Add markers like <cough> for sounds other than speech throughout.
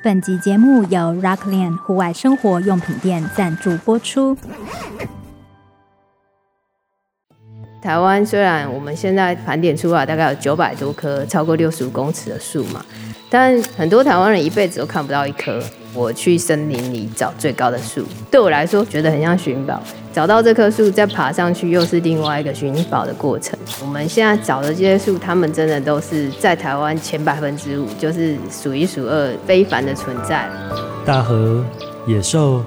本集節目由 Rockland 戶外生活用品店贊助播出。台灣，雖然我們現在盤點出來大概有九百多棵，超過六十五公尺的樹嘛，但很多台灣人一輩子都看不到一棵。我去森林裡找最高的樹，對我來說覺得很像尋寶。找到這棵樹，再爬上去又是另外一個尋寶的過程。我們現在找的這些樹，它們真的都是在台灣前百分之五，就是數一數二，非凡的存在。大河、野獸、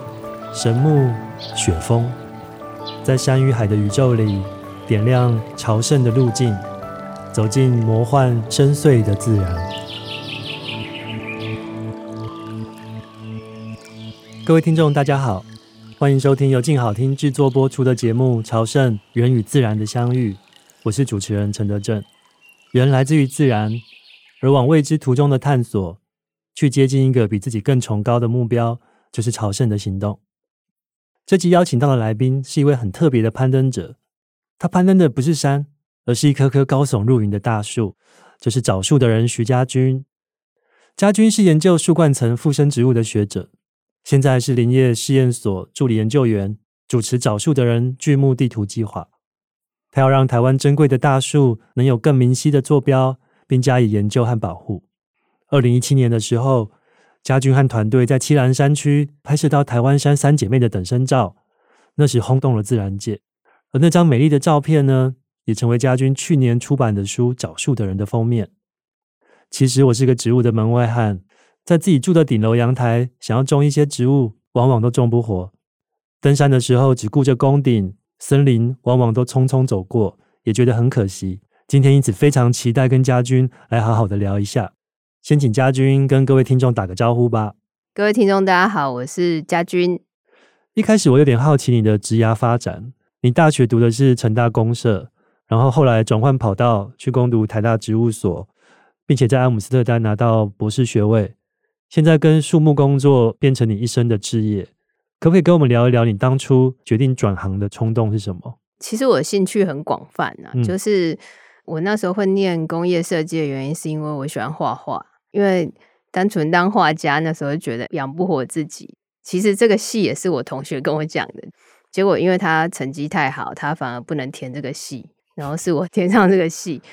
神木、雪峰，在山與海的宇宙裡點亮朝聖的路徑，走進魔幻深邃的自然。各位聽眾，大家好，歡迎收聽由靜好聽制作播出的節目《朝聖：人與自然的相遇》。我是主持人陳德正。人來自於自然，而往未知途中的探索，去接近一個比自己更崇高的目標，就是朝聖的行動。這集邀請到的來賓是一位很特別的攀登者，他攀登的不是山，而是一棵棵高聳入雲的大樹，就是找樹的人徐嘉君。嘉君是研究樹冠層附生植物的學者。現在是林業試驗所助理研究員，主持《找樹的人》巨木地圖計劃。他要讓台灣珍貴的大樹能有更明晰的坐標，並加以研究和保護。二零一七年的時候，嘉君和團隊在棲蘭山區拍攝到台灣杉三姐妹的等身照，那時轟動了自然界。而那張美麗的照片呢，也成為嘉君去年出版的書《找樹的人》的封面。其實我是個植物的門外漢。在自己住的頂樓陽台，想要種一些植物，往往都種不活。登山的時候只顧着攻頂，森林往往都匆匆走過，也覺得很可惜。今天因此非常期待跟嘉君來好好的聊一下。先請嘉君跟各位聽眾打個招呼吧。各位聽眾，大家好，我是嘉君。一開始我有點好奇你的職涯發展。你大學讀的是成大公社，然後後來轉換跑道去攻讀台大植物所，並且在阿姆斯特丹拿到博士學位。現在跟樹木工作變成你一生的志業，可不可以跟我們聊一聊你當初決定轉行的衝動是什麼？其實我興趣很廣泛吶、啊，嗯、就是我那時候會念工業設計的原因，是因為我喜歡畫畫，因為單純當畫家那時候覺得養不活自己。其實這個系也是我同學跟我講的，結果因為他成績太好，他反而不能填這個系，然後是我填上這個系。 <laughs>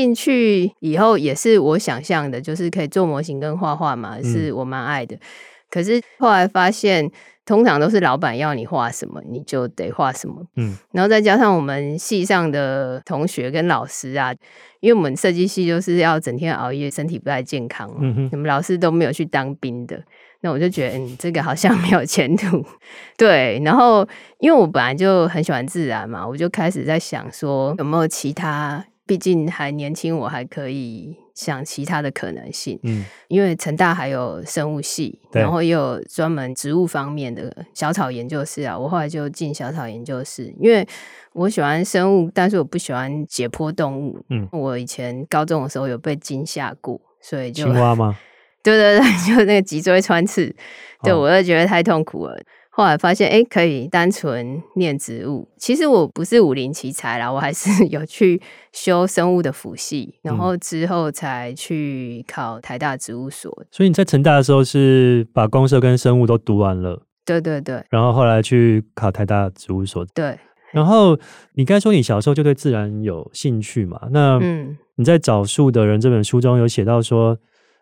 進去以後也是我想象的，就是可以做模型跟畫畫嘛，是我蠻愛的。嗯、可是後來發現，通常都是老闆要你畫什麼，你就得畫什麼。嗯，然後再加上我們系上的同學跟老師啊，因為我們設計系就是要整天熬夜，身體不太健康，嗯、哼、我們老師都沒有去當兵的。那我就覺得，欸、這個好像沒有前途。 <laughs> 對，然後因為我本來就很喜歡自然嘛，我就開始在想說，有沒有其他。畢竟還年輕，我還可以想其他的可能性。嗯，因為成大還有生物系，對然後也有專門植物方面的小草研究室啊。我後來就進小草研究室，因為我喜歡生物，但是我不喜歡解剖動物。嗯，我以前高中的時候有被驚嚇過，所以就，青蛙嗎？ <laughs> 對對對，就那個脊椎穿刺，哦、對，我就覺得太痛苦了。後來發現，哎，可以單純念植物。其實我不是武林奇才啦，我還是有去修生物的輔系，然後之後才去考台大植物所，嗯。所以你在成大的時候是把公社跟生物都讀完了，對對對。然後後來去考台大植物所，對。然後你剛才說你小時候就對自然有興趣嘛？那嗯，你在《找樹的人》這本書中有寫到說，嗯、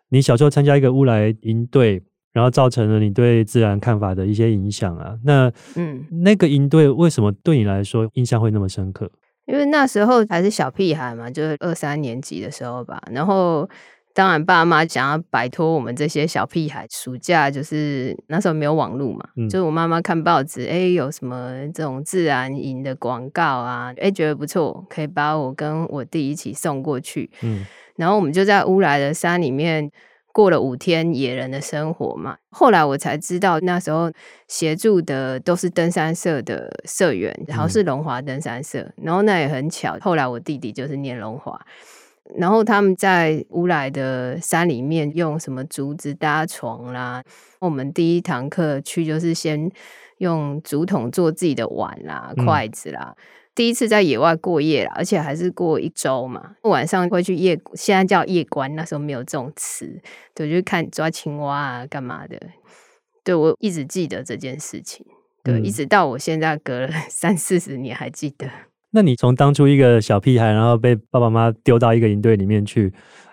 你小時候參加一個烏來營隊。然後造成了你對自然看法的一些影響啊，那嗯，那個營隊為什麼對你來說印象會那麼深刻？因為那時候還是小屁孩嘛，就是二三年級的時候吧。然後當然爸媽想要擺脫我們這些小屁孩，暑假就是那時候沒有網絡嘛，嗯、就是我媽媽看報紙，誒、哎、有什麼這種自然營的廣告啊？誒、哎、覺得不錯，可以把我跟我弟一起送過去。嗯，然後我們就在烏來的山裡面。過了五天野人的生活嘛。後來我才知道那時候協助的都是登山社的社員，然後是龍華登山社，嗯、然後那也很巧，後來我弟弟就是念龍華。然後他們在烏來的山裡面用什麼竹子搭床啦，我們第一堂課去就是先用竹筒做自己的碗啦、嗯、筷子啦。第一次在野外過夜啦，而且還是過一周嘛。晚上會去夜，現在叫夜觀，那時候沒有這種詞。對，就是看抓青蛙啊，幹嘛的。對，我一直記得這件事情，對，嗯、一直到我現在隔了三四十年還記得。那你從當初一個小屁孩，然後被爸爸媽媽丟到一個營隊裡面去，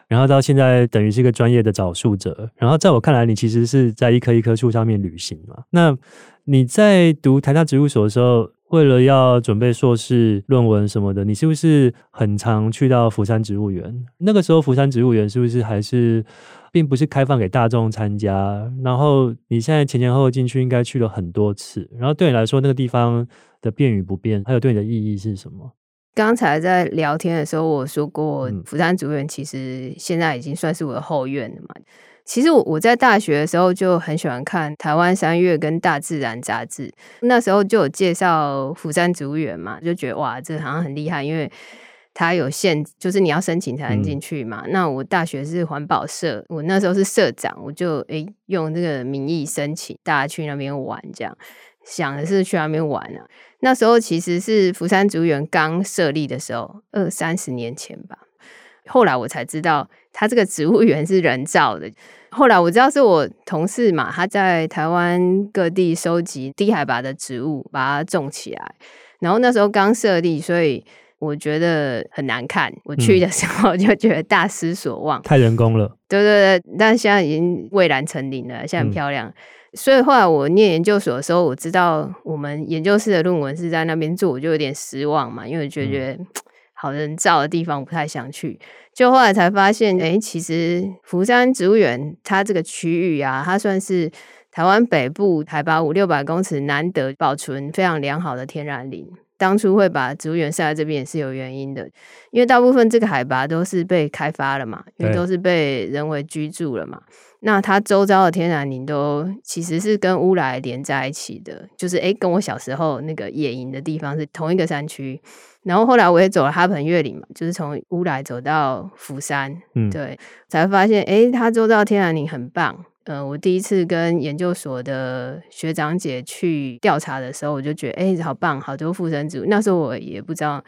然後到現在等於是一個專業的找樹者。然後在我看來，你其實是在一棵一棵樹上面旅行嘛。那你在讀台大植物所的時候，為了要準備碩士論文什麼的，你是不是很常去到福山植物園？那個時候福山植物園是不是還是，並不是開放給大眾參加？然後你現在前前後後進去，應該去了很多次。然後對你來說，那個地方的變與不變，還有對你的意義是什麼？剛才在聊天的時候，我說過，嗯、福山植物園其實現在已經算是我的後院了嘛。其實我我在大學的時候就很喜歡看《台灣山岳》跟《大自然》雜誌，那時候就有介紹福山植物園嘛，就覺得哇，這好像很厲害，因為它有限，就是你要申請才能進去嘛。嗯、那我大學是環保社，我那時候是社長，我就、欸、用這個名義申請大家去那邊玩，這樣想的是去那邊玩啊。那時候其實是福山植物園剛設立的時候，二三十年前吧。後來我才知道，它這個植物園是人造的。後來我知道是我同事嘛，他在台灣各地收集低海拔的植物，把它種起來。然後那時候剛設立，所以我覺得很難看。我去的時候就覺得大失所望，嗯、太人工了。對對對，但現在已經蔚然成林了，現在很漂亮。嗯、所以後來我念研究所的時候，我知道我們研究室的論文是在那邊做，我就有點失望嘛，因為覺得。嗯好人造的地方不太想去，就後來才發現，哎、欸，其實福山植物園它這個區域啊，它算是台灣北部海拔五六百公尺，難得保存非常良好的天然林。當初會把植物園設在這邊也是有原因的，因為大部分這個海拔都是被開發了嘛，因為都是被人為居住了嘛。欸那它周遭的天然林都其實是跟烏來連在一起的，就是誒、欸、跟我小時候那個野營的地方是同一個山區。然後後來我也走了哈盆越嶺嘛，就是從烏來走到福山，嗯，對，嗯、才發現誒、欸、它周遭的天然林很棒。嗯、呃，我第一次跟研究所的學長姐去調查的時候，我就覺得誒、欸、好棒，好多附生植物。那時候我也不知道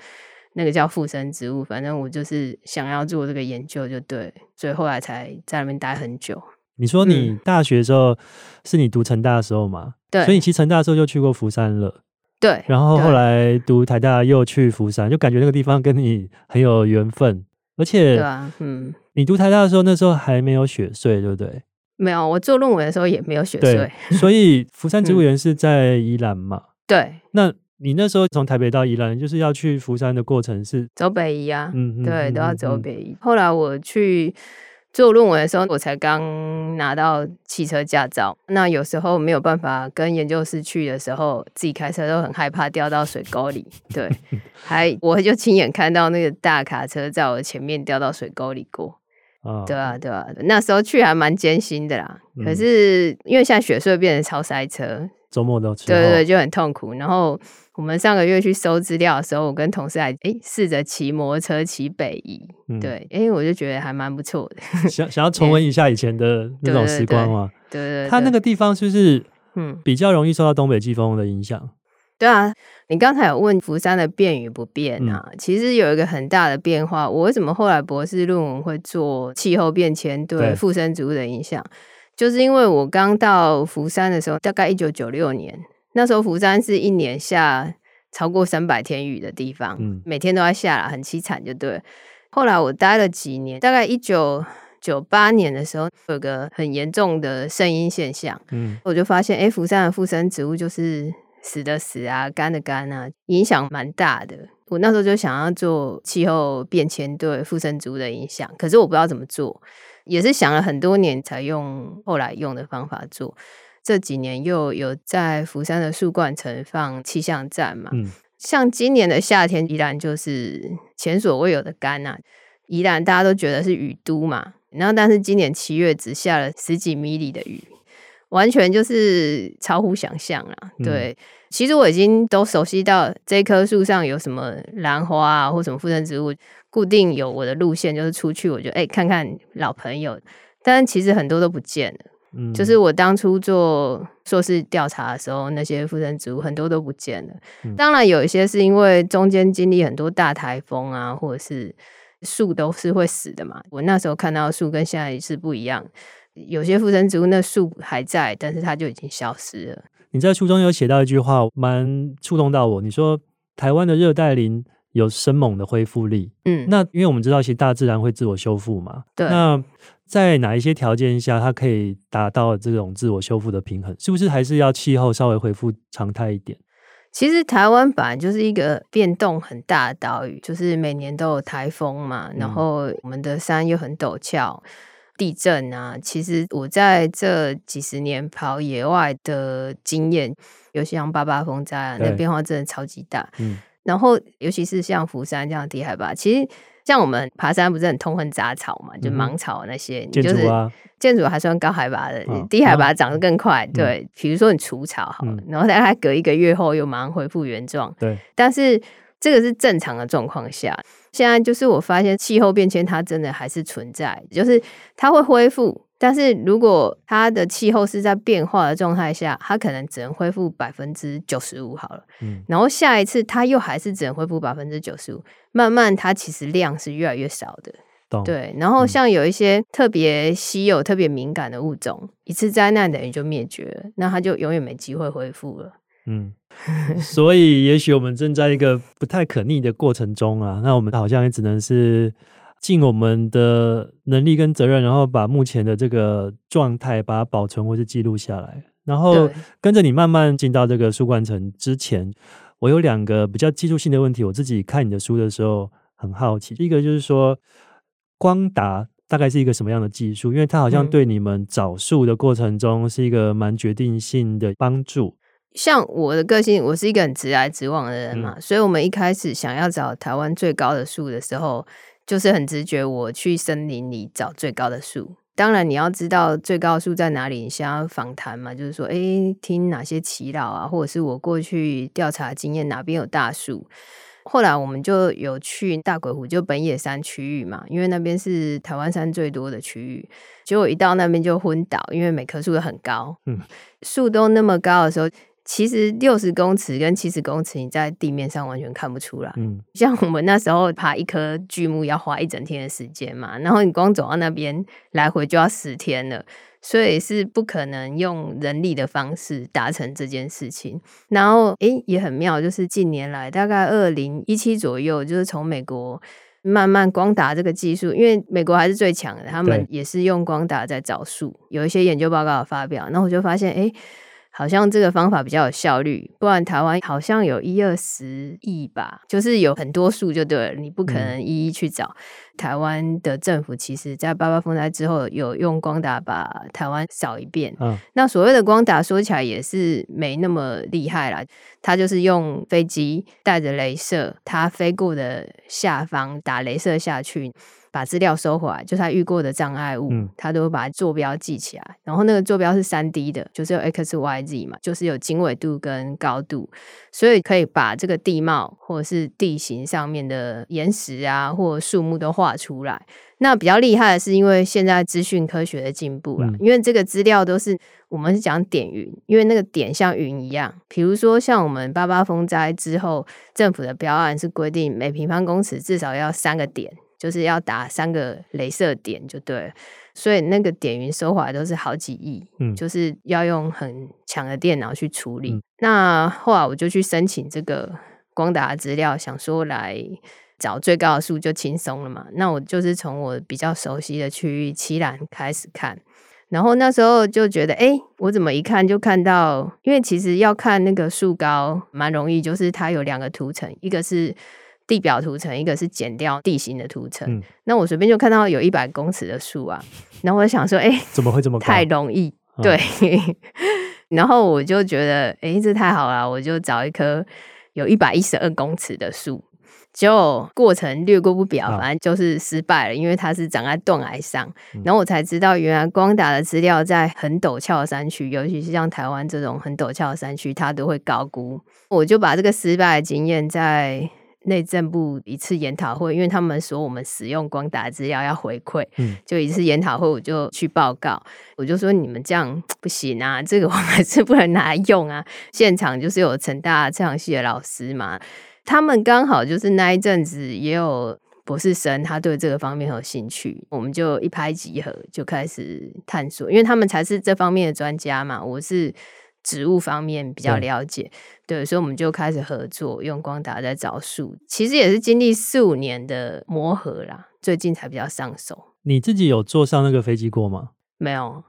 那個叫附生植物，反正我就是想要做這個研究就對，所以後來才在那邊待很久。你說你大學的時候，是你讀成大的時候嗎？對，所以你其實成大的時候就去過福山了。對，然後後來讀台大又去福山，就感覺那個地方跟你很有緣分。而且，對啊，嗯，你讀台大的時候，那時候還沒有雪隧，對不對？沒有，我做論文的時候也沒有雪隧。所以，福山植物園是在宜蘭嘛？對。那你那時候從台北到宜蘭，就是要去福山的過程是走北宜啊？嗯，對，都要走北宜。後來我去。做論文的時候，我才剛拿到汽車駕照，那有時候沒有辦法跟研究室去的時候，自己開車都很害怕掉到水溝裡。對， <laughs> 還我就親眼看到那個大卡車在我前面掉到水溝裡過。啊，對啊，對啊，那時候去還蠻艱辛的啦。嗯，可是因為現在雪隧變成超塞車。週末都去，對對，對就很痛苦。然後我們上個月去收資料的時候，我跟同事還哎試着騎摩托車騎北移，嗯、對，哎、欸，我就覺得還蠻不錯的。想想要重溫一下以前的那種時光嘛、啊欸？對對，對，它那個地方就是不是嗯比較容易受到東北季風的影響、嗯？對啊，你剛才有問福山的變與不變啊，嗯、其實有一個很大的變化。我為什麼後來博士論文會做氣候變遷對附生植物的影響？就是因為我剛到福山的時候，大概一九九六年，那時候福山是一年下超過三百天雨的地方，每天都在下，很淒慘，就對。後來我待了幾年，大概一九九八年的時候，有個很嚴重的聖嬰現象，嗯、我就發現，哎，福山的附生植物就是死的死啊，乾的乾啊，影響蠻大的。我那時候就想要做氣候變遷對附生植物的影響，可是我不知道怎麼做。也是想了很多年才用後來用的方法做。這幾年又有在福山的樹冠層放氣象站嘛，嗯、像今年的夏天，宜蘭就是前所未有的乾吶、啊。宜蘭大家都覺得是雨都嘛，然後但是今年七月只下了十幾米里的雨，完全就是超乎想象啦。對，嗯、其實我已經都熟悉到這棵樹上有什麼蘭花啊，或什麼附生植物。固定有我的路線，就是出去，我就哎、欸、看看老朋友，但其實很多都不見了。嗯，就是我當初做碩士調查的時候，那些附生植物很多都不見了。嗯，當然，有一些是因為中間經歷很多大台風啊，或者是樹都是會死的嘛。我那時候看到樹跟現在是不一樣，有些附生植物那樹還在，但是它就已經消失了。你在書中有寫到一句話，蠻觸動到我。你說台灣的熱帶林。有生猛的恢復力，嗯，那因為我們知道，其實大自然會自我修復嘛。對。那在哪一些條件下，它可以達到這種自我修復的平衡？是不是還是要氣候稍微恢復常態一點？其實台灣本來就是一個變動很大的島嶼，就是每年都有颱風嘛，然後我們的山又很陡峭，地震啊。其實我在這幾十年跑野外的經驗，尤其像八八風災啊，那變化真的超級大。嗯。然後，尤其是像福山這樣的低海拔，其實像我們爬山不是很痛恨雜草嘛，嗯、就芒草那些，就是箭竹還算高海拔的，嗯、低海拔長得更快。嗯、對，比如說你除草好了，嗯、然後大概隔一個月後又馬上恢復原狀。對、嗯，但是這個是正常的狀況下。現在就是我發現氣候變遷，它真的還是存在，就是它會恢復。但是如果它的氣候是在變化的狀態下，它可能只能恢復百分之九十五好了。嗯，然後下一次它又還是只能恢復百分之九十五，慢慢它其實量是越來越少的。懂。對，然後像有一些特別稀有、嗯、特別敏感的物種，一次災難等於就滅絕了，那它就永遠沒機會恢復了。嗯， <laughs> 所以也許我們正在一個不太可逆的過程中啊，那我們好像也只能是。盡我們的能力跟責任，然後把目前的這個狀態把它保存或者記錄下來，然後跟着你慢慢進到這個樹冠層之前，對我有兩個比較技術性的問題，我自己看你的書的時候很好奇，一個就是說光達大概是一個什麼樣的技術，因為它好像對你們找樹的過程中是一個蠻決定性的幫助。像我的個性，我是一個很直來直往的人嘛，嗯，所以我們一開始想要找台灣最高的樹的時候。就是很直覺，我去森林裡找最高的樹。當然，你要知道最高的樹在哪裡，你先要訪談嘛。就是說，哎、欸，聽哪些耆老啊，或者是我過去調查經驗哪邊有大樹。後來我們就有去大鬼湖，就本野山區域嘛，因為那邊是台灣杉最多的區域。結果一到那邊就昏倒，因為每棵樹都很高，嗯，樹都那麼高的時候。其實六十公尺跟七十公尺，你在地面上完全看不出來。嗯，像我們那時候爬一棵巨木要花一整天的時間嘛，然後你光走到那邊來回就要十天了，所以是不可能用人力的方式達成這件事情。然後，誒也很妙，就是近年來大概二零一七左右，就是從美國慢慢光達這個技術，因為美國還是最強的，他們也是用光達在找樹，有一些研究報告發表，然後我就發現，哎。好像這個方法比較有效率，不然台灣好像有一二十億吧，就是有很多樹就對了，你不可能一一去找。嗯台灣的政府其實，在八八風災之後，有用光達把台灣掃一遍。嗯，那所謂的光達說起來也是沒那麼厲害啦，它就是用飛機帶着雷射，它飛過的下方打雷射下去，把資料收回來。就是、它遇過的障礙物，嗯、它都會把坐標記起來。然後那個坐標是三 D 的，就是有 X、Y、Z 嘛，就是有經緯度跟高度，所以可以把這個地貌或者是地形上面的岩石啊或樹木的話。打出來，那比較厲害的是，因為現在資訊科學的進步了，嗯、因為這個資料都是我們是講點雲，因為那個點像雲一樣，比如說像我們八八風災之後，政府的標案是規定每平方公尺至少要三個點，就是要打三個雷射點就對，所以那個點雲收回來都是好幾億，嗯，就是要用很強的電腦去處理。嗯、那後來我就去申請這個光達資料，想說來。找最高的樹就輕鬆了嘛。那我就是從我比較熟悉的區域棲蘭開始看，然後那時候就覺得，哎、欸，我怎麼一看就看到？因為其實要看那個樹高蠻容易，就是它有兩個圖層，一個是地表圖層，一個是減掉地形的圖層。嗯、那我隨便就看到有一百公尺的樹啊，然後我想說，哎、欸，怎麼會這麼高，太容易？嗯、對。 <laughs> 然後我就覺得，哎、欸，這太好了，我就找一棵有一百一十二公尺的樹。就過程略過不表，反正就是失敗了，因為它是長在斷崖上。然後我才知道，原來光達的資料在很陡峭的山區，尤其是像台灣這種很陡峭的山區，它都會高估。我就把這個失敗的經驗在內政部一次研討會，因為他們說我們使用光達資料要回饋，嗯、就一次研討會我就去報告，我就說你們這樣不行啊，這個我們是不能拿來用啊。現場就是有成大測量系的老師嘛。他們剛好就是那一陣子也有博士生，他對這個方面有興趣，我們就一拍即合，就開始探索，因為他們才是這方面的專家嘛。我是植物方面比較了解，對,對，所以我們就開始合作，用光達在找樹，其實也是經歷四五年的磨合啦，最近才比較上手。你自己有坐上那個飛機過嗎？沒有，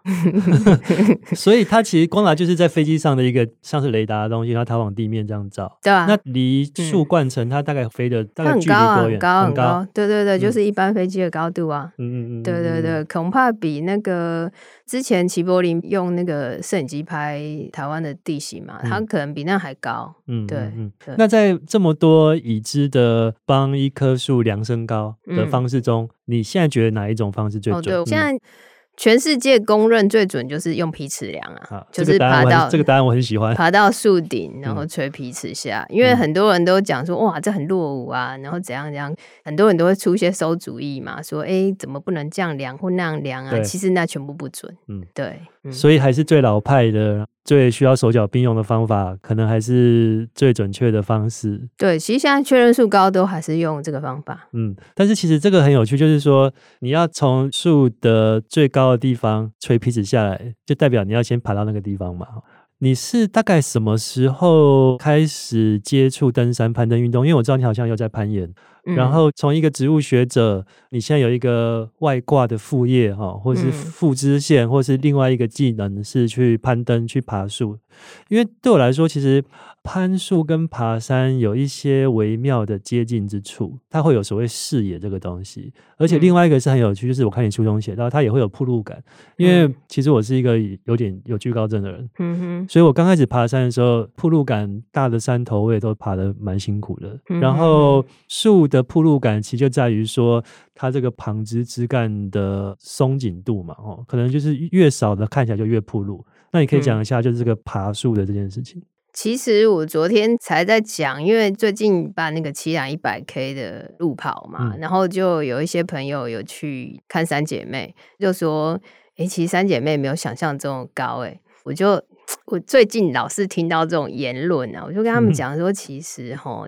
所以它其實光拿就是在飛機上的一個像是雷達的東西，它逃往地面這樣照，對吧？那離樹冠層，它大概飛的大概很高啊，很高，很高。對對對，就是一般飛機的高度啊。嗯嗯對對對，恐怕比那個之前齊柏林用那個攝影機拍台灣的地形嘛，它可能比那還高。嗯，對。那在這麼多已知的幫一棵樹量身高的方式中，你現在覺得哪一種方式最準？我現在。全世界公認最準就是用皮尺量啊，好就是爬到這個答案我很喜歡，爬到樹頂然後吹皮尺下，嗯、因為很多人都講說、嗯、哇這很落伍啊，然後怎樣怎樣，很多人都會出一些餿主意嘛，說誒怎麼不能這樣量或那樣量啊，對其實那全部不準，嗯對，嗯所以還是最老派的。最需要手腳並用的方法，可能還是最準確的方式。對，其實現在確認樹高都還是用這個方法。嗯，但是其實這個很有趣，就是說你要從樹的最高的地方垂皮尺下來，就代表你要先爬到那個地方嘛。你是大概什麼時候開始接觸登山、攀登運動？因為我知道你好像有在攀岩。然後從一個植物學者，你現在有一個外掛的副業哈，或者是副支線，或是另外一個技能是去攀登、去爬樹。因為對我來說，其實攀樹跟爬山有一些微妙的接近之處，它會有所謂視野這個東西。而且另外一個是很有趣，就是我看你書中寫到，它也會有暴露感。因為其實我是一個有點有懼高症的人，嗯哼，嗯，所以我剛開始爬山的時候，暴露感大的山頭我也都爬得蠻辛苦的。然後樹。的鋪路感，其實就在於說它這個旁枝枝幹的鬆緊度嘛，哦、喔，可能就是越少的看起來就越鋪路。那你可以講一下，就是這個爬樹的這件事情、嗯。其實我昨天才在講，因為最近辦那個七兩一百 K 的路跑嘛，嗯、然後就有一些朋友有去看三姐妹，就說：“哎、欸，其實三姐妹沒有想象中高。”哎，我就我最近老是聽到這種言論啊，我就跟他們講說，嗯、其實哈。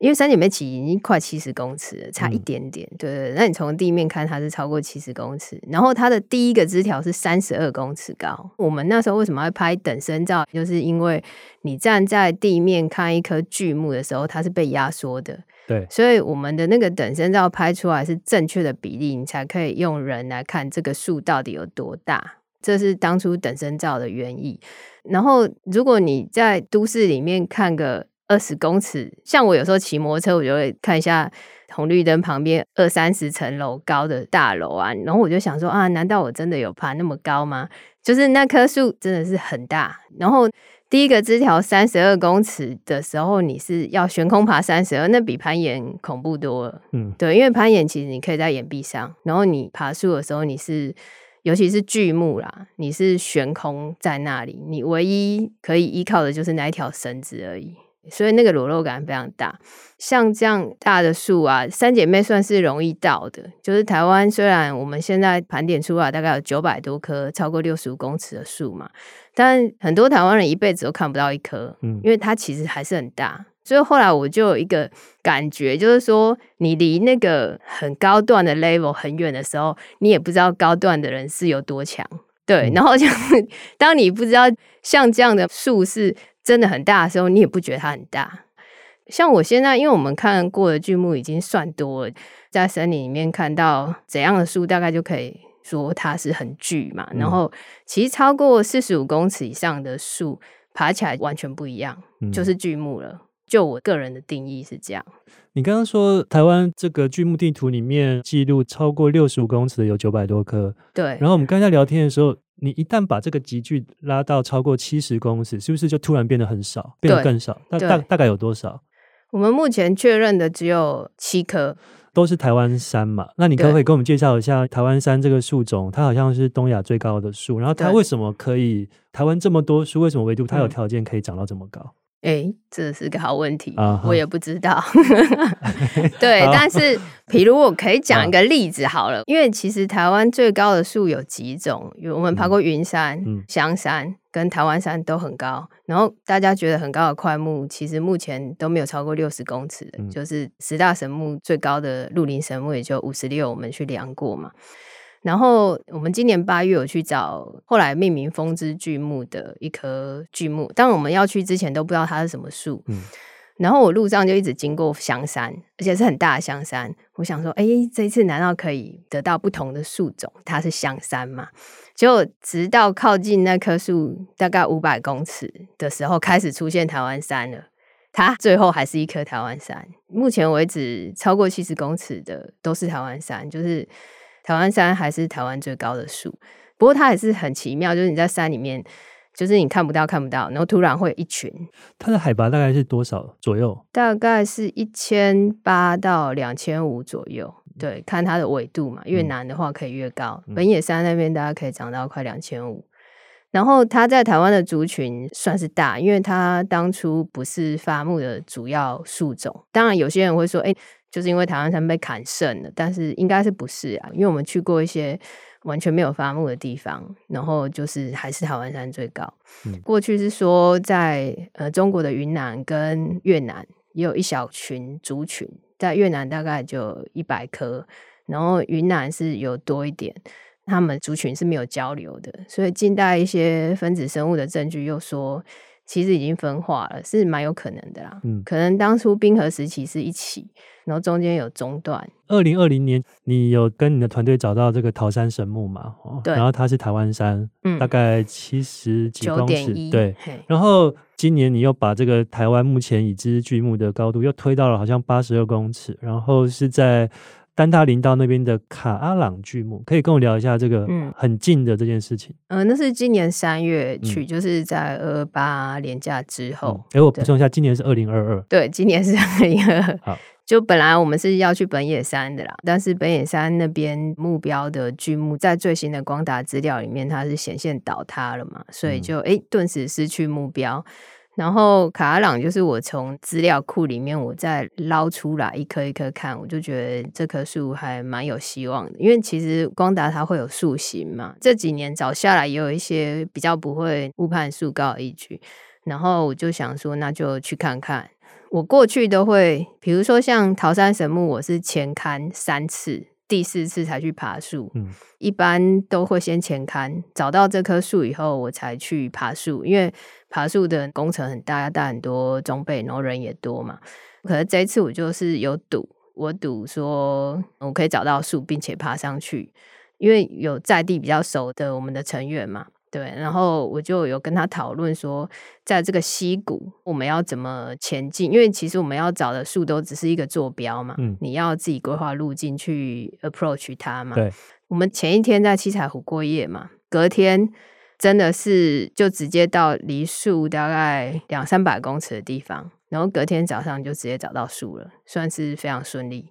因為三姐妹起已經快七十公尺了，差一點點。嗯、對，對對，那你從地面看它是超過七十公尺，然後它的第一個枝條是三十二公尺高。我們那時候為什麼要拍等身照？就是因為你站在地面看一棵巨木的時候，它是被壓縮的。對，所以我們的那個等身照拍出來是正確的比例，你才可以用人來看這個樹到底有多大。這是當初等身照的原意。然後，如果你在都市裡面看個。二十公尺，像我有時候騎摩托車，我就會看一下紅綠燈旁邊二三十層樓高的大樓啊，然後我就想說啊，難道我真的有爬那麼高嗎？就是那棵樹真的是很大，然後第一個枝條三十二公尺的時候，你是要懸空爬三十二，那比攀岩恐怖多了。嗯，對，因為攀岩其實你可以在岩壁上，然後你爬樹的時候，你是尤其是巨木啦，你是懸空在那裡，你唯一可以依靠的就是那一條繩子而已。所以那個裸露感非常大，像這樣大的樹啊，三姐妹算是容易到的。就是台灣雖然我們現在盤點出來大概有九百多棵超過六十五公尺的樹嘛，但很多台灣人一輩子都看不到一棵，嗯，因為它其實還是很大。所以後來我就有一個感覺，就是說你離那個很高段的 level 很遠的時候，你也不知道高段的人是有多強，對。然後就當你不知道像這樣的樹是。真的很大的時候，你也不覺得它很大。像我現在，因為我們看過的巨木已經算多了，在森林裡面看到怎樣的樹，大概就可以說它是很巨嘛。然後，其實超過四十五公尺以上的樹，爬起來完全不一樣，就是巨木了。就我個人的定義是這樣。你剛剛說台灣這個巨木地圖裡面記錄超過六十五公尺的有九百多棵，對。然後我們剛才聊天的時候。你一旦把這個級距拉到超過七十公尺，是不是就突然變得很少，變得更少？那對大大，大概有多少？我們目前確認的只有七棵，都是台灣杉嘛？那你可不可以給我們介紹一下對台灣杉這個樹種？它好像是東亞最高的樹，然後它為什麼可以？對台灣這麼多樹，為什麼唯獨它有條件可以長到這麼高？嗯誒、欸、這是個好問題，uh huh. 我也不知道。 <laughs> 對，但是，譬如我可以講一個例子好了，uh huh. 因為其實台灣最高的樹有幾種，我們爬過雲山、香山跟台灣山都很高，然後大家覺得很高的檜木，其實目前都沒有超過六十公尺的，uh huh. 就是十大神木最高的鹿林神木也就五十六，我們去量過嘛。然後我們今年八月有去找，後來命名“風之巨木”的一棵巨木，但我們要去之前都不知道它是什麼樹。嗯，然後我路上就一直經過香山，而且是很大的香山。我想說，哎，這一次難道可以得到不同的樹種？它是香山嘛？結果直到靠近那棵樹大概五百公尺的時候，開始出現台灣杉了。它最後還是一棵台灣杉，目前為止，超過七十公尺的都是台灣杉，就是。台灣杉還是台灣最高的樹，不過它也是很奇妙，就是你在山裡面，就是你看不到看不到，然後突然會有一群。它的海拔大概是多少左右？大概是一千八到兩千五左右，嗯、對，看它的緯度嘛，越南的話可以越高，嗯、本野山那邊大概可以長到快兩千五。然後它在台灣的族群算是大，因為它當初不是伐木的主要樹種，當然有些人會說，哎、欸。就是因為台灣杉被砍剩了，但是應該是不是啊？因為我們去過一些完全沒有伐木的地方，然後就是還是台灣杉最高。嗯、過去是說在呃中國的雲南跟越南也有一小群族群，在越南大概就一百棵，然後雲南是有多一點，他們族群是沒有交流的，所以近代一些分子生物的證據又說。其實已經分化了，是蠻有可能的啦。嗯，可能當初冰河時期是一起，然後中間有中斷。二零二零年，你有跟你的團隊找到這個桃山神木嘛？對，然後它是台灣山，嗯、大概七十幾公尺。九點一，對。嘿。然後今年你又把這個台灣目前已知巨木的高度又推到了好像八十二公尺，然後是在。三大林道那邊的卡阿朗巨木可以跟我聊一下這個很近的這件事情。嗯、呃，那是今年三月去，嗯、就是在二二八連假之後。哎、嗯欸，我補充一下，對今年是二零二二。對，今年是二零二二。好就本來我們是要去本野山的啦，但是本野山那邊目標的巨木在最新的光達資料裡面，它是顯現倒塌了嘛，所以就哎、嗯欸，頓時失去目標。然後卡拉朗就是我從資料庫裡面，我再撈出來一棵一棵看，我就覺得這棵樹還蠻有希望的，因為其實光達它會有樹形嘛，這幾年找下來也有一些比較不會誤判樹高的依據，然後我就想說那就去看看。我過去都會，比如說像桃山神木，我是前看三次。第四次才去爬樹，嗯，一般都會先前勘，找到這棵樹以後，我才去爬樹，因為爬樹的工程很大，要帶很多裝備，然後人也多嘛。可是這一次我就是有賭，我賭說我可以找到樹並且爬上去，因為有在地比較熟的我們的成員嘛。對，然後我就有跟他討論說，在這個溪谷我們要怎麼前進，因為其實我們要找的樹都只是一個坐標嘛，嗯，你要自己規劃路徑去 approach 它嘛。對，我們前一天在七彩湖過夜嘛，隔天真的是就直接到離樹大概兩三百公尺的地方，然後隔天早上就直接找到樹了，算是非常順利。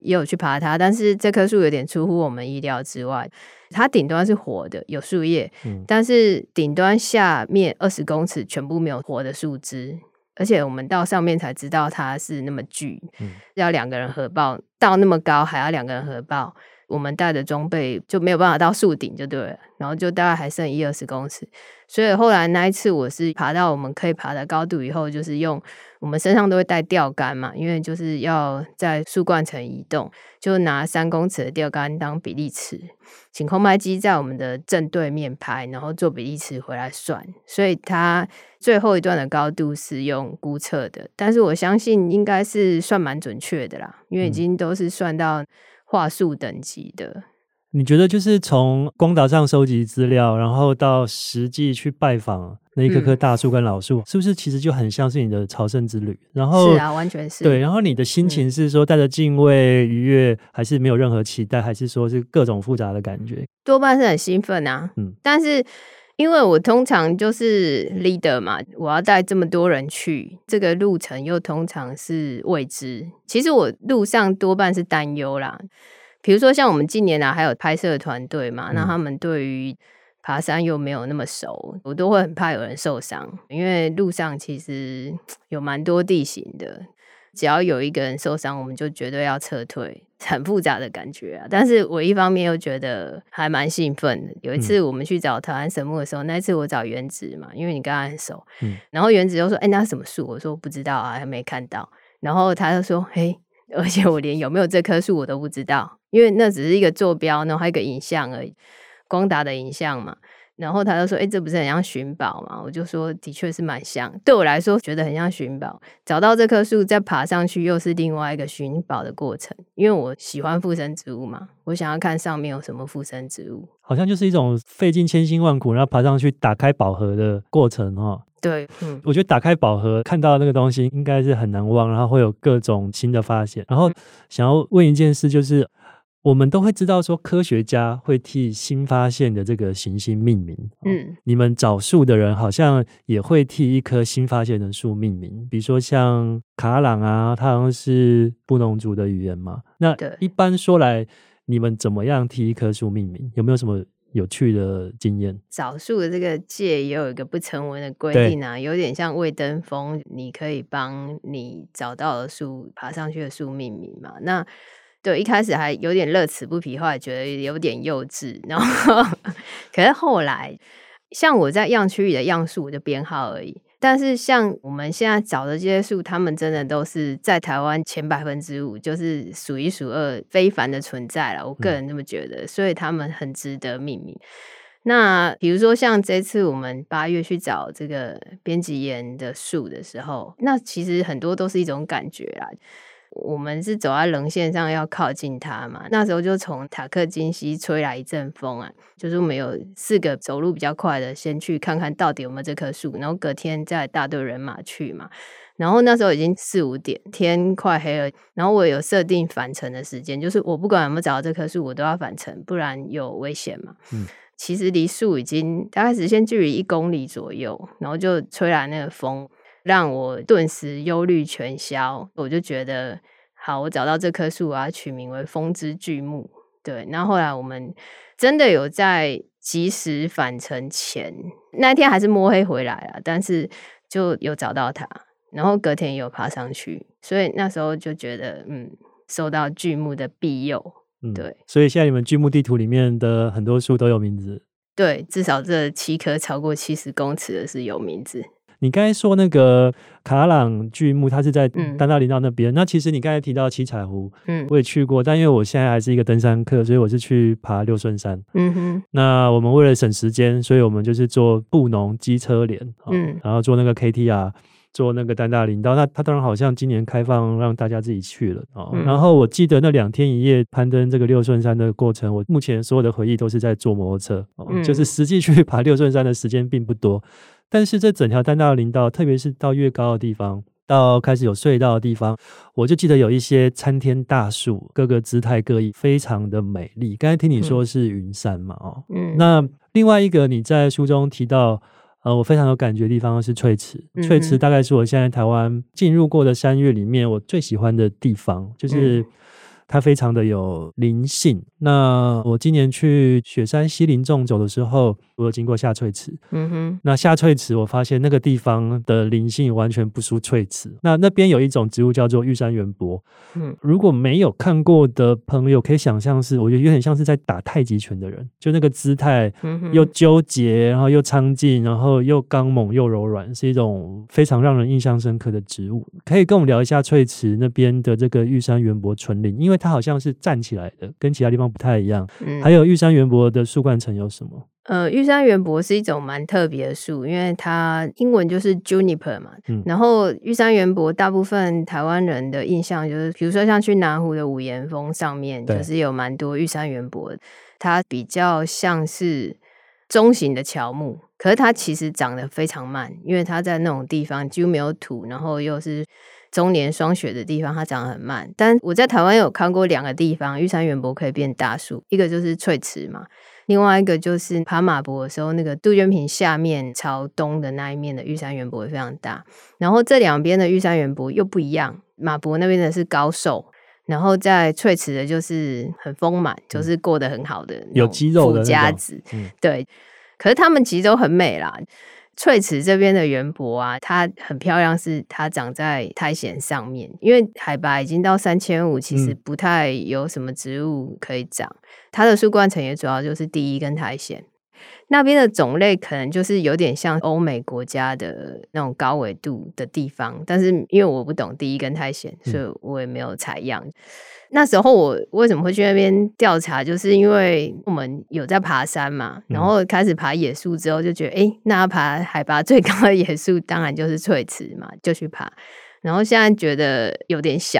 也有去爬它，但是這棵樹有點出乎我們意料之外。它頂端是活的，有樹葉，嗯、但是頂端下面二十公尺全部沒有活的樹枝，而且我們到上面才知道它是那麼巨，嗯、要兩個人合抱，到那麼高還要兩個人合抱。我們帶的裝備就沒有辦法到樹頂就對了，然後就大概還剩一二十公尺。所以後來那一次，我是爬到我們可以爬的高度以後，就是用我們身上都會帶釣竿嘛，因為就是要在樹冠層移動，就拿三公尺的釣竿當比例尺，請空拍機在我們的正對面拍，然後做比例尺回來算。所以它最後一段的高度是用估測的，但是我相信應該是算蠻準確的啦，因為已經都是算到話術等級的。嗯你覺得就是從光達上收集資料，然後到實際去拜訪那一棵棵大樹跟老樹，嗯、是不是其實就很像是你的朝聖之旅？然後是啊，完全是。對，然後你的心情是說帶着敬畏、嗯、愉悅，還是沒有任何期待，還是說是各種複雜的感覺？多半是很興奮啊。嗯，但是因為我通常就是 leader 嘛，我要帶這麼多人去，這個路程又通常是未知，其實我路上多半是擔憂啦。比如說，像我們近年來、啊、還有拍攝團隊嘛，嗯、那他們對於爬山又沒有那麼熟，我都會很怕有人受傷，因為路上其實有蠻多地形的，只要有一個人受傷，我們就絕對要撤退，很複雜的感覺啊。但是我一方面又覺得還蠻興奮的。有一次我們去找台灣神木的時候，嗯、那一次我找原子嘛，因為你跟他很熟，嗯、然後原子又說：“哎、欸，那是什麼樹？”我說：“不知道啊，還沒看到。”然後他就說：“嘿、欸，而且我連有沒有這棵樹我都不知道。”因為那只是一個坐標，然後還有一個影像而已，光達的影像嘛。然後他就說：“哎，這不是很像尋寶嘛？”我就說：“的確是蠻像。”對我來說，覺得很像尋寶，找到這棵樹，再爬上去，又是另外一個尋寶的過程。因為我喜歡附生植物嘛，我想要看上面有什麼附生植物，好像就是一種費盡千辛萬苦，然後爬上去打開寶盒的過程哈、哦。對，嗯，我覺得打開寶盒看到那個東西應該是很難忘，然後會有各種新的發現。然後想要問一件事就是。我們都會知道，說科學家會替新發現的這個行星命名。嗯，你們找樹的人好像也會替一棵新發現的樹命名，比如說像卡朗啊，它好像是布農族的語言嘛。那一般說來，對你們怎麼樣替一棵樹命名？有沒有什麼有趣的經驗？找樹的這個界也有一個不成文的規定啊，對有點像未登峰，你可以幫你找到的樹、爬上去的樹命名嘛。那。對，一開始還有點樂此不疲，後來覺得有點幼稚。然後，呵呵，可是後來，像我在樣區裡的樣樹我就編號而已。但是，像我們現在找的這些樹，他們真的都是在台灣前百分之五，就是數一數二、非凡的存在了。我個人那麼覺得，嗯、所以他們很值得命名。那比如說，像這次我們八月去找這個編輯員的樹的時候，那其實很多都是一種感覺啦。我們是走在稜線上，要靠近它嘛，那時候就從塔克金溪吹來一陣風啊，就是我們有四個走路比較快的，先去看看到底有沒有這棵樹，然後隔天再大隊人馬去嘛。然後那時候已經四五點，天快黑了。然後我有設定返程的時間，就是我不管有沒有找到這棵樹，我都要返程，不然有危險嘛。嗯，其實離樹已經大概時間距離一公里左右，然後就吹來那個風。讓我頓時憂慮全消，我就覺得好，我找到這棵樹啊，我要取名為風之巨木。對，然後後來我們真的有在及時返程前，那天還是摸黑回來了，但是就有找到它，然後隔天也有爬上去，所以那時候就覺得，嗯，受到巨木的庇佑。對。嗯，所以現在你們巨木地圖裡面的很多樹都有名字，對，至少這七棵超過七十公尺的是有名字。你剛才說那個卡朗巨木，它是在丹大林道那邊。嗯、那其實你剛才提到七彩湖，嗯，我也去過，但因為我現在還是一個登山客，所以我是去爬六順山。嗯哼，那我們為了省時間，所以我們就是坐布農機車聯，哦、嗯，然後坐那個 K T R，坐那個丹大林道。那它當然好像今年開放讓大家自己去了、哦嗯、然後我記得那兩天一夜攀登這個六順山的過程，我目前所有的回憶都是在坐摩托車，哦嗯、就是實際去爬六順山的時間並不多。但是這整條丹大的林道，特別是到越高的地方，到開始有隧道的地方，我就記得有一些參天大樹，各個姿態各異，非常的美麗。剛才聽你說是雲山嘛，哦，嗯嗯、那另外一個你在書中提到，呃，我非常有感覺的地方是翠池，嗯、翠池大概是我現在台灣進入過的山岳裡面我最喜歡的地方，就是它非常的有靈性。那我今年去雪山西稜縱走的時候，我有經過下翠池。嗯哼，那下翠池，我發現那個地方的靈性完全不輸翠池。那那邊有一種植物叫做玉山圓柏。嗯，如果沒有看過的朋友，可以想象是，我覺得有點像是在打太極拳的人，就那個姿態，嗯哼，又糾結，然後又蒼勁，然後又剛猛又柔軟，是一種非常讓人印象深刻的植物。可以跟我們聊一下翠池那邊的這個玉山圓柏純林，因為它好像是站起來的，跟其他地方，不太一樣，嗯，還有玉山圓柏的樹冠層有什麼？呃，玉山圓柏是一種蠻特別的樹，因為它英文就是 juniper 嘛，嗯、然後玉山圓柏大部分台灣人的印象就是，比如說像去南湖的五岩峰上面，就是有蠻多玉山圓柏。對它比較像是中型的喬木，可是它其實長得非常慢，因為它在那種地方就沒有土，然後又是。終年霜雪的地方，它長得很慢。但我在台灣有看過兩個地方，玉山圓柏可以變大樹，一個就是翠池嘛，另外一個就是爬馬博的時候，那個杜鵑坪下面朝東的那一面的玉山圓柏也非常大。然後這兩邊的玉山圓柏又不一樣，馬博那邊的是高瘦，然後在翠池的就是很豐滿，嗯、就是過得很好的有肌肉的家子。嗯、對，可是他們其實都很美啦。翠池這邊的圓柏啊，它很漂亮，是它長在苔蘚上面。因為海拔已經到三千五，其實不太有什麼植物可以長。嗯、它的樹冠層也主要就是第一根苔蘚。那邊的種類可能就是有點像歐美國家的那種高緯度的地方，但是因為我不懂第一根苔蘚，所以我也沒有採樣。嗯那時候我為什麼會去那邊調查？就是因為我們有在爬山嘛，然後開始爬野樹之後，就覺得，誒、嗯欸、那爬海拔最高的野樹，當然就是翠池嘛，就去爬。然後現在覺得有點小，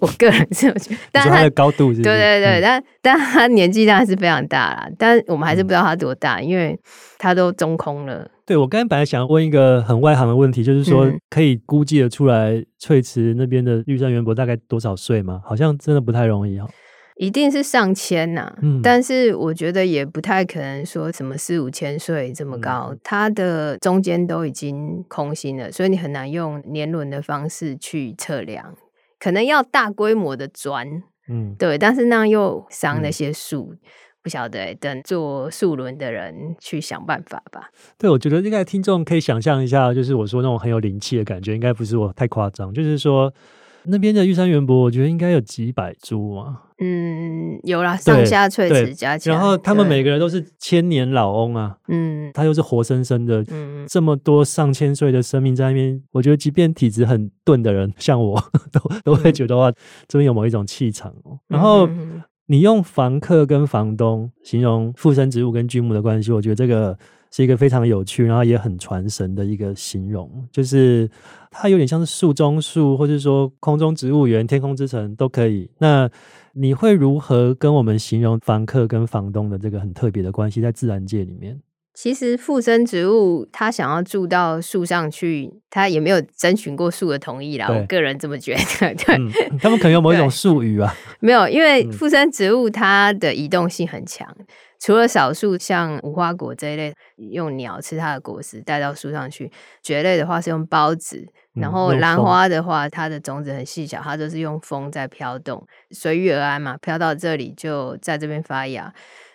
我個人是有覺得，但 <laughs> 他的高度是，是。對對對，嗯、但但他年紀當然是非常大啦，但我們還是不知道他多大，嗯、因為他都中空了。對，我剛才本來想問一個很外行的問題，就是說、嗯、可以估計得出來翠池那邊的玉山圓柏大概多少歲嗎？好像真的不太容易哦。一定是上千吶、啊，嗯、但是我覺得也不太可能說什麼四五千歲這麼高，嗯、它的中間都已經空心了，所以你很難用年輪的方式去測量，可能要大規模的鑽，嗯，對，但是那又傷那些樹，嗯、不曉得、欸、等做樹輪的人去想辦法吧。對，我覺得應該聽眾可以想象一下，就是我說那種很有靈氣的感覺，應該不是我太誇張，就是說。那邊的玉山圓柏，我覺得應該有幾百株啊。嗯，有啦，上下垂直加起來。然後他們每個人都是千年老翁啊。嗯對，他又是活生生的。嗯嗯，這麼多上千歲的生命在那邊，嗯、我覺得即便體質很鈍的人，像我都都會覺得哇，嗯、這邊有某一種氣場然後，嗯、哼哼你用房客跟房東形容附生植物跟巨木的關係，我覺得這個。是一個非常有趣，然後也很傳神的一個形容，就是它有點像是樹中樹，或者說空中植物園、天空之城都可以。那你會如何跟我們形容房客跟房東的這個很特別的關係，在自然界裡面？其實附生植物它想要住到樹上去，它也沒有徵詢過樹的同意啦。對。我個人這麼覺得，對，嗯，他們可能有某一種術語啊？沒有，因為附生植物它的移動性很強。嗯。嗯。除了少數像無花果這一類用鳥吃它的果實帶到樹上去，蕨類的話是用孢子，然後蘭花的話，它的種子很細小，它都是用風在飄動，隨遇而安嘛，飄到這裡就在這邊發芽。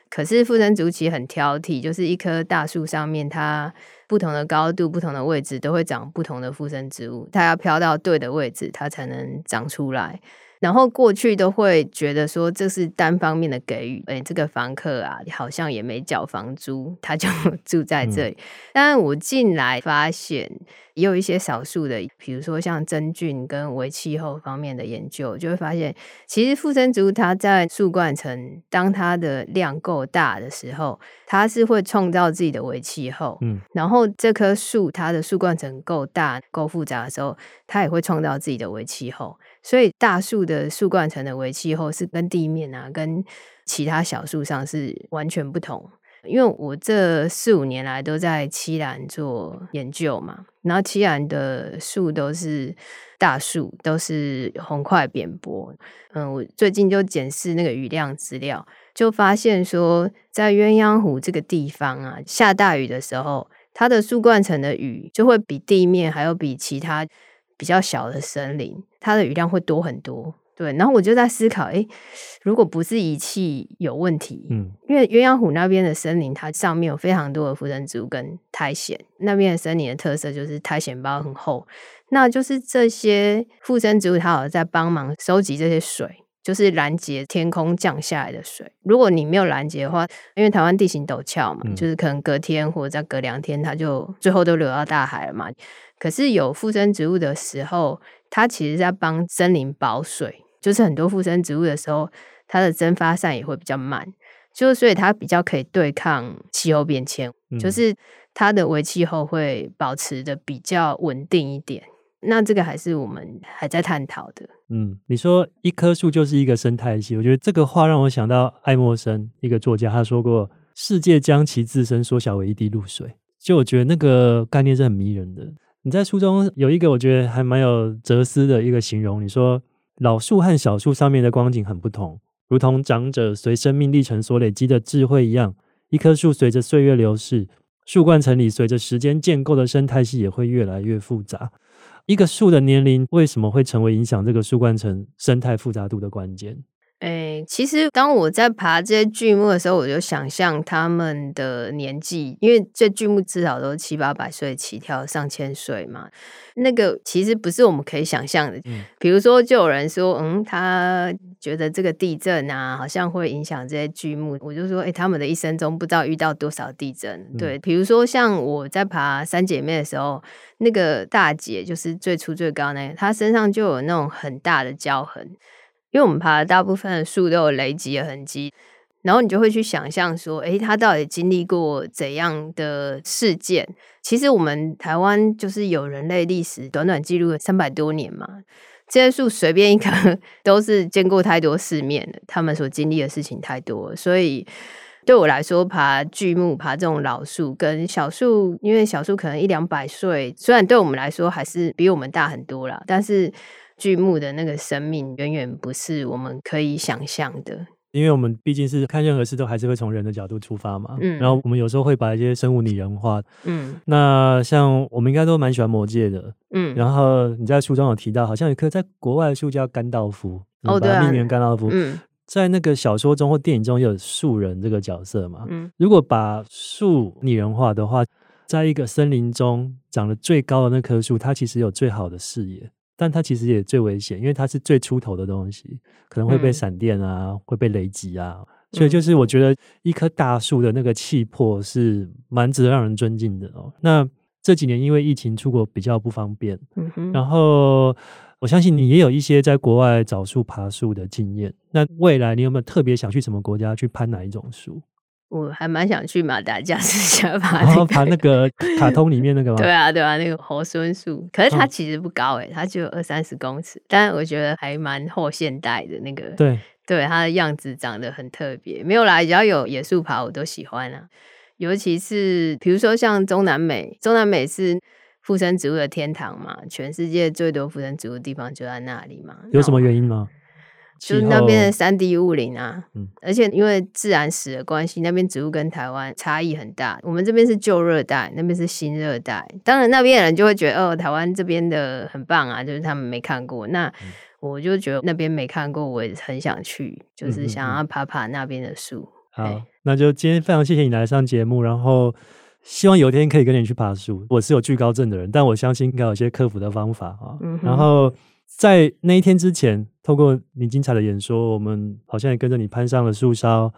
可是附生族其實很挑剔，就是一棵大樹上面，它不同的高度、不同的位置都會長不同的附生植物，它要飄到對的位置，它才能長出來。然後過去都會覺得說這是單方面的給予，誒這個房客啊好像也沒繳房租，他就住在這裡。嗯，但我近來發現，也有一些少數的，比如說像真菌跟微氣候方面的研究，就會發現，其實附生植物它在樹冠層，當它的量夠大的時候，它是會創造自己的微氣候。嗯，然後這棵樹它的樹冠層夠大，夠複雜的時候，它也會創造自己的微氣候。所以大樹的樹冠層的微氣候是跟地面啊，跟其他小樹上是完全不同。因為我這四五年來都在棲蘭做研究嘛，然後棲蘭的樹都是大樹，都是紅檜扁柏。嗯，我最近就檢視那個雨量資料，就發現說，在鴛鴦湖這個地方啊，下大雨的時候，它的樹冠層的雨就會比地面還有比其他比較小的森林，它的雨量會多很多，對。然後我就在思考，哎、欸，如果不是儀器有問題，嗯，因為鴛鴦湖那邊的森林，它上面有非常多的附生植物跟苔蘚，那邊的森林的特色就是苔蘚包很厚。那就是這些附生植物，它好像在幫忙收集這些水，就是攔截天空降下來的水。如果你沒有攔截的話，因為台灣地形陡峭嘛，嗯、就是可能隔天或者再隔兩天，它就最後都流到大海了嘛。可是有附生植物的時候，它其實在幫森林保水，就是很多附生植物的時候，它的蒸發散也會比較慢，就所以它比較可以對抗氣候變遷，嗯、就是它的微氣候會保持的比較穩定一點。那這個還是我們還在探討的。嗯，你說一棵樹就是一個生態系，我覺得這個話讓我想到愛默生一個作家，他說過：“世界將其自身縮小為一滴露水。”就我覺得那個概念是很迷人的。你在書中有一個我覺得還蠻有哲思的一個形容，你說，老樹和小樹上面的光景很不同，如同長者隨生命歷程所累積的智慧一樣。一棵樹隨着歲月流逝，樹冠層裡隨着時間建構的生態系也會越來越複雜。一個樹的年齡為什麼會成為影響這個樹冠層生態複雜度的關鍵？誒、欸、其實當我在爬這些巨木的時候，我就想象他們的年紀，因為這巨木至少都七八百歲，起跳上千歲嘛。那個其實不是我們可以想象的。嗯、比如說，就有人說，嗯，他覺得這個地震啊，好像會影響這些巨木。我就說，哎、欸，他們的一生中不知道遇到多少地震。對，嗯、比如說像我在爬三姐妹的時候，那個大姐就是最粗最高那個，她身上就有那種很大的膠痕。因為我們爬的大部分樹都有雷擊的痕跡，然後你就會去想象說誒，他到底經歷過怎樣的事件？其實我們台灣就是有人類歷史短短記錄了三百多年嘛，這些樹隨便一棵都是見過太多世面了，他們所經歷的事情太多了，所以對我來說，爬巨木、爬這種老樹跟小樹，因為小樹可能一兩百歲，雖然對我們來說還是比我們大很多啦，但是。巨木的那個生命遠遠不是我們可以想象的，因為我們畢竟是看任何事都還是會從人的角度出發嘛。嗯，然後我們有時候會把一些生物擬人化。嗯，那像我們應該都蠻喜歡魔戒的。嗯，然後你在書中有提到，好像有一棵在國外的樹叫甘道夫。嗯、哦，對啊，命名甘道夫。嗯，在那個小說中或電影中也有樹人這個角色嘛。嗯，如果把樹擬人化的話，在一個森林中長得最高的那棵樹，它其實有最好的視野。但它其實也最危險，因為它是最出頭的東西，可能會被閃電啊，嗯、會被雷擊啊。所以就是我覺得一棵大樹的那個氣魄是蠻值得讓人尊敬的哦。那這幾年因為疫情出國比較不方便，嗯、哼然後我相信你也有一些在國外找樹爬樹的經驗。那未來你有沒有特別想去什麼國家去攀哪一種樹？我還蠻想去馬達加斯加爬，然後、哦、爬那個卡通裡面那個嗎？ <laughs> 對啊，對啊，那個猴孫樹，可是它其實不高誒，嗯、它只有二三十公尺，但我覺得還蠻後現代的那個。對，對，它的樣子長得很特別。沒有啦，只要有野樹爬，我都喜歡啊。尤其是比如說像中南美，中南美是附生植物的天堂嘛，全世界最多附生植物的地方就在那裡嘛。有什麼原因嗎？就是那邊的山地霧林啊，嗯、而且因為自然史的關係，那邊植物跟台灣差異很大。我們這邊是舊熱帶，那邊是新熱帶。當然，那邊的人就會覺得哦，台灣這邊的很棒啊，就是他們沒看過。那我就覺得那邊沒看過，我也很想去，就是想要爬爬那邊的樹。好，那就今天非常謝謝你來上節目，然後希望有一天可以跟你去爬樹。我是有懼高症的人，但我相信應該有些克服的方法啊。嗯、哼然後在那一天之前。透過你精彩的演說，我們好像也跟着你攀上了樹梢，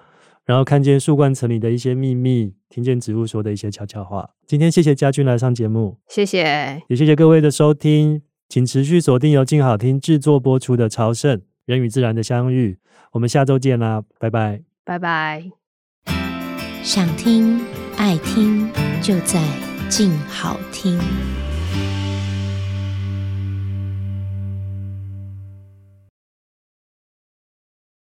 然後看見樹冠層裡的一些祕密，聽見植物說的一些悄悄話。今天謝謝嘉君來上節目，謝謝，也謝謝各位的收聽，請持續鎖定由靜好聽制作播出的《朝聖人與自然的相遇》，我們下週見啦，拜拜，拜拜。想聽愛聽，就在靜好聽。